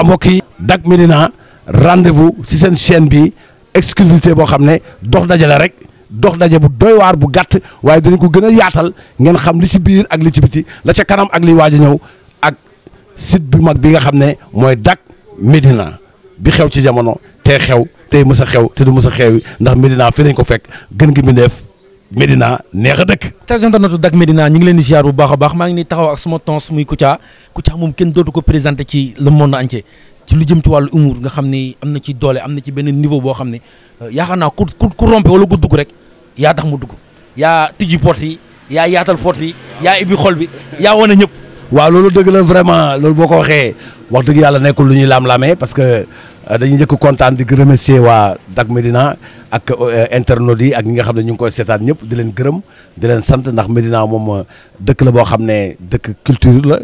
waaw mbokk yi Dak Médina rendez-vous si seen chaîne bi exclusivité boo xam ne dox dajale rek dox daje bu doy bu gàtt waaye dinañ ko gën a yaatal ngeen xam li ci biir ak li ci biti la ca kanam ak liy waaj a ñëw ak sit bi mag bi nga xam ne mooy Dak Médina bi xew ci jamono te xew tey mës a xew te du mës a xew yi ndax Médina fi lañ ko fekk gën gi mbindeef Médina neex a dëkk. tey internetu Dak Médina ñu ngi leen di ziar bu baax baax maa ngi nii taxaw ak sama tons muy Kouthia moom kenn dootu ko présenté ci le monde entier ci lu jëm ci wàllu humour nga xam ni am na ci doole am na ci benn niveau boo xam ne euh, yaakaar naa ku ku ku rompe wala ku dugg rek yaa tax mu dugg yaa tijji porte yi yaa yaatal porte yi yaa ibbi xol bi yaa wane ñëpp. waaw loolu dëgg la vraiment loolu boo ko waxee wax dëgg yàlla nekkul lu ñuy laam-laamee parce que. Euh, dañuy njëkk kontaan di remercier waa Dak Médina ak euh, internautes yi ak ñi nga xam ne ñu ngi koy seetaan ñëpp di leen gërëm di leen sant ndax Médina moom euh, dëkk la boo xam ne dëkk culture la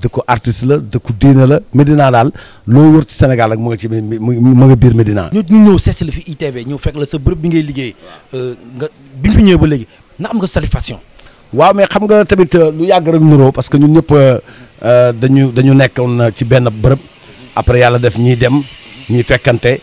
dëkku artiste la dëkku diine la Médina daal loo wër ci Sénégal ak mu ngi ci mu nga biir Médina. ñu ñu ñëw seet la fi ITV ñëw fekk la sa bërëb bi ngay liggéey nga bi fi ñëwee ba léegi na am nga satisfaction. waaw mais xam nga tamit lu yàgg rek nuroo parce que ñu ñëpp dañu dañu nekkoon ci benn bërëb après yàlla def ñiy dem. ñuy fekkante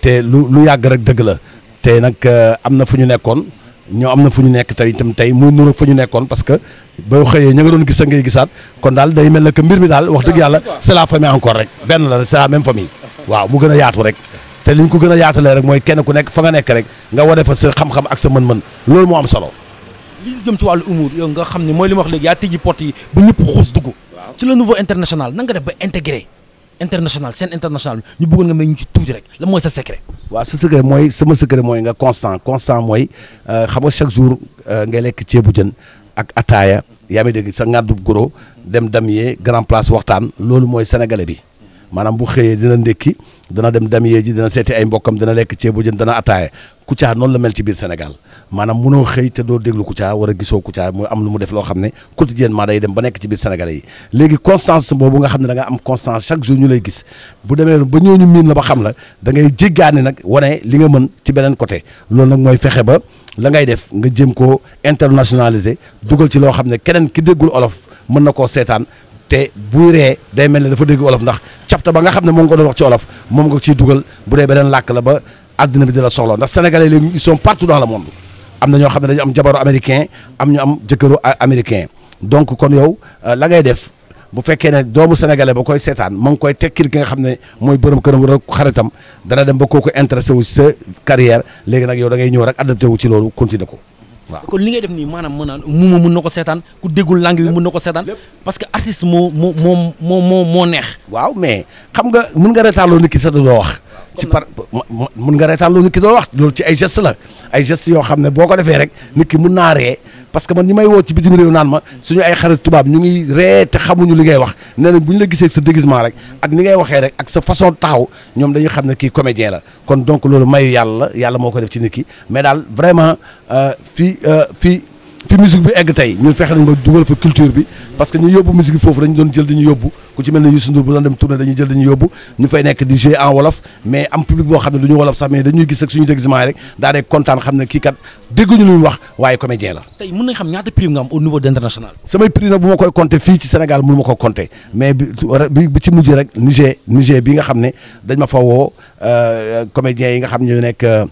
te lu lu yàgg rek dëgg la te nag euh, am na fu ñu nekkoon ñoo am na fu ñu nekk tey itam tey muy nuru fu ñu nekkoon parce que boo xëyee ña nga doon gis sa ngay gisaat kon daal day mel ne que mbir mi daal wax dëgg yàlla c'est la famille encore rek benn la c'est la même famille waaw mu gën a yaatu rek te liñ ko gën a yaatalee rek mooy kenn ku nekk fa nga nekk rek nga wane fa sa xam-xam ak sa mën-mën loolu moo am solo li jëm ci wàllu humour yow nga xam ne mooy li wax léegi yaa tijji porte yi ba ñëpp international nan nga def ba intégré international seen international ñu bëggoon nga may ñu ci tuuti rek lan mooy sa secret. waaw sa secret mooy sama secret mooy nga constant constant mooy euh, xam nga chaque jour euh, ngay lekk ceebu jën ak ataaya yaa ngi dégg sa du goro dem damyee grand place waxtaan loolu mooy sénégalais bi maanaam bu xëyee dina ndékki dana dem damyee ji dina seeti ay mbokkam dina lekk ceebu jën dana ataaya Kouthia noonu la mel ci biir Sénégal maanaam munoo xëy te doo déglu Kouthia war a gisoo Kouthia mu am lu mu def loo xam ne quotidiennement day dem ba nekk ci biir Sénégalais yi léegi constance boobu nga xam ne da am constance chaque jour ñu lay gis bu demee ba ñooñu miin la ba xam la da ngay jéggaani nag wane li nga mën ci beneen côté loolu nag mooy fexe ba la ngay def nga jéem koo internationaliser dugal ci loo xam ne keneen ki déggul olof mën na koo seetaan te buy ree day mel ne dafa dégg olof ndax cafta ba nga xam ne moom nga doon wax ci olof moom nga àddina bi di la soxla ndax sénégalais léegi ils sont partout dans la monde am na ñoo xam ne dañu am jabaru américain am ñu am jëkkëru américain donc kon yow euh, la ngay def bu fekkee ne doomu sénégalais ba koy seetaan ma ngi koy tekkil ki nga xam ne mooy borom këram wala xaritam dana dem ba kooku intéressé wu sa carrière léegi nag yow da ngay ñëw rek adapté wu ci loolu continuer ko waaw kon li ngay def nii maanaam mën naa muuma mën na ko seetaan ku déggul langue bi mën na ko seetaan parce que artiste moo moo moo moo moo neex waaw mais xam nga mën nga retaaloo nit ki sax doo wax ci par mun nga reetaan loolu nit ki doon wax loolu ci ay geste la ay geste yoo xam ne boo ko defee rek nit ki mun naa ree parce que man ñi may woo ci bitim réew naan ma suñu ay xarit tubaab ñu ngi ree te xamuñu li ngay wax ne nañ bu ñu la gisee sa déguisement rek ak ni ngay waxee rek ak sa façon taxaw ñoom dañuy xam ne kii comédien la kon donc loolu mayu yàlla yàlla moo ko def ci nit mais daal vraiment euh, fii euh, fii fi musique bi egg tey ñun fexe nañ ba dugal fa culture bi parce que ñu yóbbu musique bi foofu dañu doon jël dañu yóbbu ku ci mel ne Youssou Ndour bu doon dem tournée dañuy jël dañu yóbbu ñu fay nekk di en wolof mais am public boo xam ne du ñu xam ne kii kat nga am au niveau d' international samay prix nag bu ma koy compter fii ci Sénégal mënu ma ko compter mais bi ci mujj rek Niger bi nga xam ne dañ ma fa woo euh, comédiens yi nga xam ne ñoo nekk euh,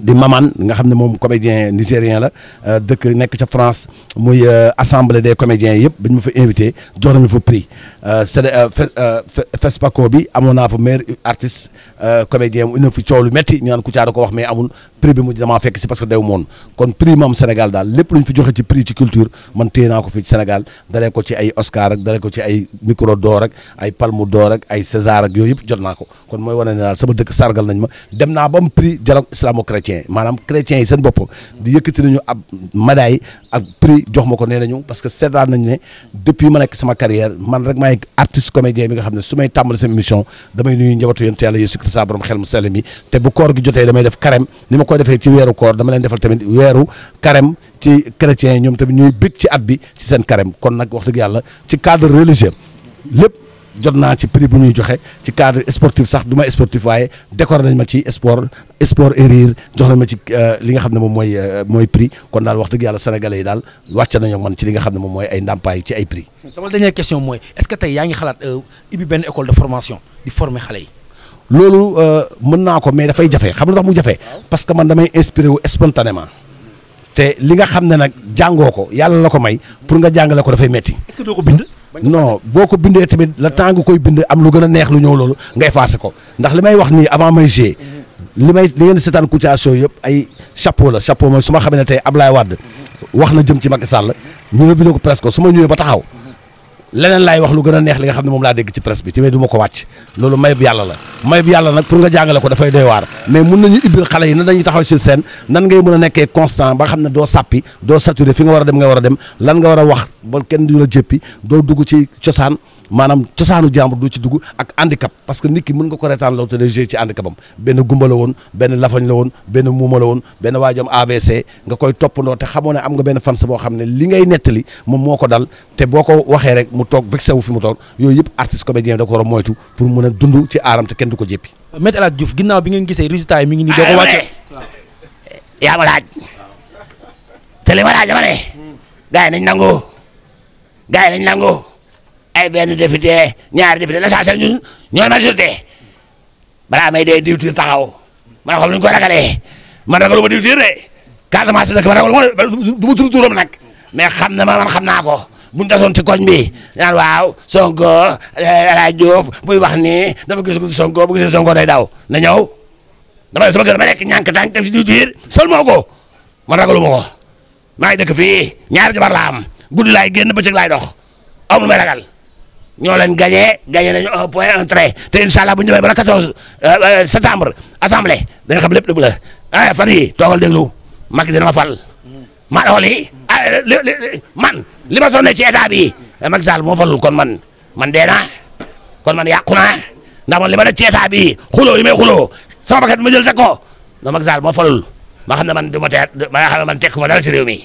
di Maman nga xamné mom comédien nigérien la euh deuk nek ci France muy euh, assemblée des comédiens yépp bi ma fa invité jox nañu fa prix euh euh, c'est euh, FESPACO bi amona naa fa meilleur artiste euh, comédien mu indi fi coow lu métti ñu naan Kouthia da ko wax mais amul prix bi mu dama fekk ci parce que dew moon kon prix mom Sénégal dal lepp lu fi joxé ci prix ci culture man téye ko fi ci Sénégal dalé ko ci ay Oscar ak dalé ko ci ay micro d'or ak ay Palme d'or ak ay César ak yooyu yëpp jot naa ko kon moy wane dal sama deuk sargal nañ ma dem na ba prix dialogue islamo-chrétien chrétien maanaam chrétiens yi seen bopp di yëkkati nañu ab médaille ak prix jox ma ko nee nañu parce que seetaan nañu ne depuis ma nekk sama carrière man rek maay artiste comédien bi nga xam ne su may tàmbali sama émission damay nuyu njabootu yonent yàlla Yeesu Christ sa borom mu sell mi te bu koor gi jotee damay def carême ni ma koy defee ci weeru koor dama leen defal tamit weeru carême ci chrétiens yi ñoom tamit ñuy bég ci at bi ci seen carême kon nag wax dëgg yàlla ci cadre religieux lépp jot naa ci prix bu ñuy joxe ci cadre sportif sax du ma sportif waaye décoré nañ ma ci sport sport et jox nañ ma ci euh, li nga xam ne moom mooy euh, mooy prix kon daal wax dëgg yàlla yi daal wàcce nañoo man ci li nga xam ne moom mooy ay ndàmpaay ay prix. sama dernière question mooy est-ce que tey yaa euh, benn école de formation di former xale yi. loolu mën naa ko mais dafay jafe xam nga tax mu jafe parce que man damay inspiré wu spontanément te li nga xam ne nag jàngoo ko yàlla la ko may pour nga jàngale ko dafay metti. non boo ko bindee tamit la temps koy bind am lu gën a neex lu ñëw loolu ngay effacé ko ndax li may wax nii avant may gée mhm. li may li ngeen seetaan Kouthia Show yëpp ay chapeau la chapeau mooy su ma xamee ne tey Ablaye Wade mhm. wax na jëm ci Macky Sall ñu ne vidéo ko presque su ma ñëwee ba taxaw mhm. leneen laay wax lu gën a neex li nga xam ne moom laa dégg ci presse bi ci mais du ma ko wàcc loolu may bu yàlla la may bu yàlla nag pour nga jàngale ko dafay doy waar mais mun nañu ibbil xale yi nan dañuy taxaw sur scène nan ngay mën a nekkee constant ba xam ne doo sàppi doo saturé fi nga war a dem nga war a dem lan nga war a wax ba kenn du la jéppi doo dugg ci cosaan maanaam cosaanu jàmbur du ci dugg ak handicap parce que nit ki mën nga ko reetaan loo te day ci handicapam benn gumba la woon benn lafañ la woon benn muuma la woon benn waajam AVC nga koy toppandoo te xamoo ne am nga benn fans boo xam ne li ngay nettali moom moo ko dal te boo ko waxee rek mu toog vexé sew fi mu toog yooyu yëpp artiste comédien da ko war a moytu pour mën a dundu ci aaram te kenn du ko jéppi. Maître El Hadj Diouf ginnaaw bi ngeen gisee résultat yi mi ngi nii doo ko ah, wàcce. Eh, yaa ma laaj ay benn député ñaari député l'essentiel ñun ñooy majorité balaa may dee diwtiir taxaw man xam luñ ko ragalee ma diwtiir de Casamance dëkk ma ragalu ma du ma tur turam nag mais xam na ma man xam naa ko buñ tasoon ci koñ bi naan waaw Sonko El Hadj Diouf wax ni dafa gis Sonko bu gisee Sonko day daw na ñëw dama sama kër ma nekk ñànk tànk def ci diwtiir sol moo ko man ragalu ma ko maa ngi dëkk fii ñaari jabar laa am guddi laay génn bëccëg laay dox amul may ragal ñoo leen gagné gagné nañu un point un trait te incha allah bu ñu demee ba la 14 euh, euh, septembre assemblée dañu xam lépp dëgg la ah fan yii toogal déglu Macky ma fal ma doxal yi ah, man li ma sonné ci bi eh, Macky Sall moo falul kon man man dee naa kon man yàqu na ndax man li ma def bi xuloo yi may xuloo sama bakkat ma jël teg ko ndax Macky moo falul ma xam ne man du ma tee ma man tekku ma dara ci réew mi.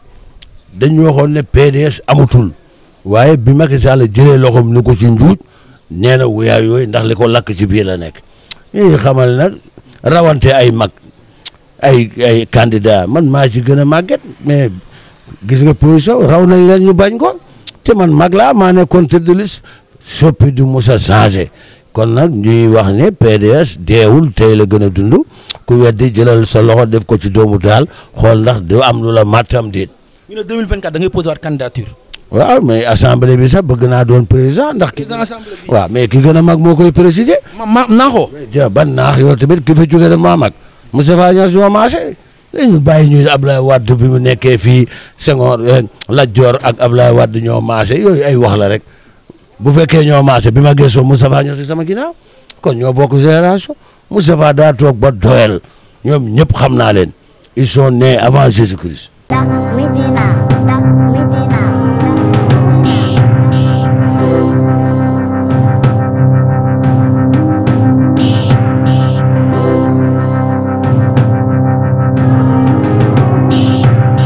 dañu waxoon ne PDS amatul waaye bi mag Sall jëlee loxoom ni ko ci njuuj nee na wuyaay yooyu ndax li ko lakk ci biir la nekk ñi xamal nag rawante ay mag ay ay man maa ci gën a màgget mais gis nga position raw nañ leen ñu bañ ko te man mag laa maa nekkoon tête de liste soppi du mos a changé kon nag ñuy wax ni PDS deewul tey la gën a dund ku weddi jëlal sa loxo def ko ci doomu daal xool ndax du am lu la màttam déet ñu ne 2024 da ngay posé waat candidature. waaw mais assemblée bi sax bëgg naa doon président ndax. président assemblée bi ki gën a mag moo koy présider. ma ma naaxoo. ja ban naax yow tamit ki fa jógee da maa mag Moustapha Niass ñoo maase eh, dañu bàyyi ñuy Ablaye bi mu nekkee fii Senghor eh, Lat Dior ak abla Wade ñoo maase yooyu ay wax la rek bu fekkee ñoo maase bi ma gëstoo Moustapha Niass sama ginnaaw kon ñoo bokk génération Moustapha daa toog ba doyal ñoom ñëpp xam naa leen ils sont nés avant Jésus-Christ.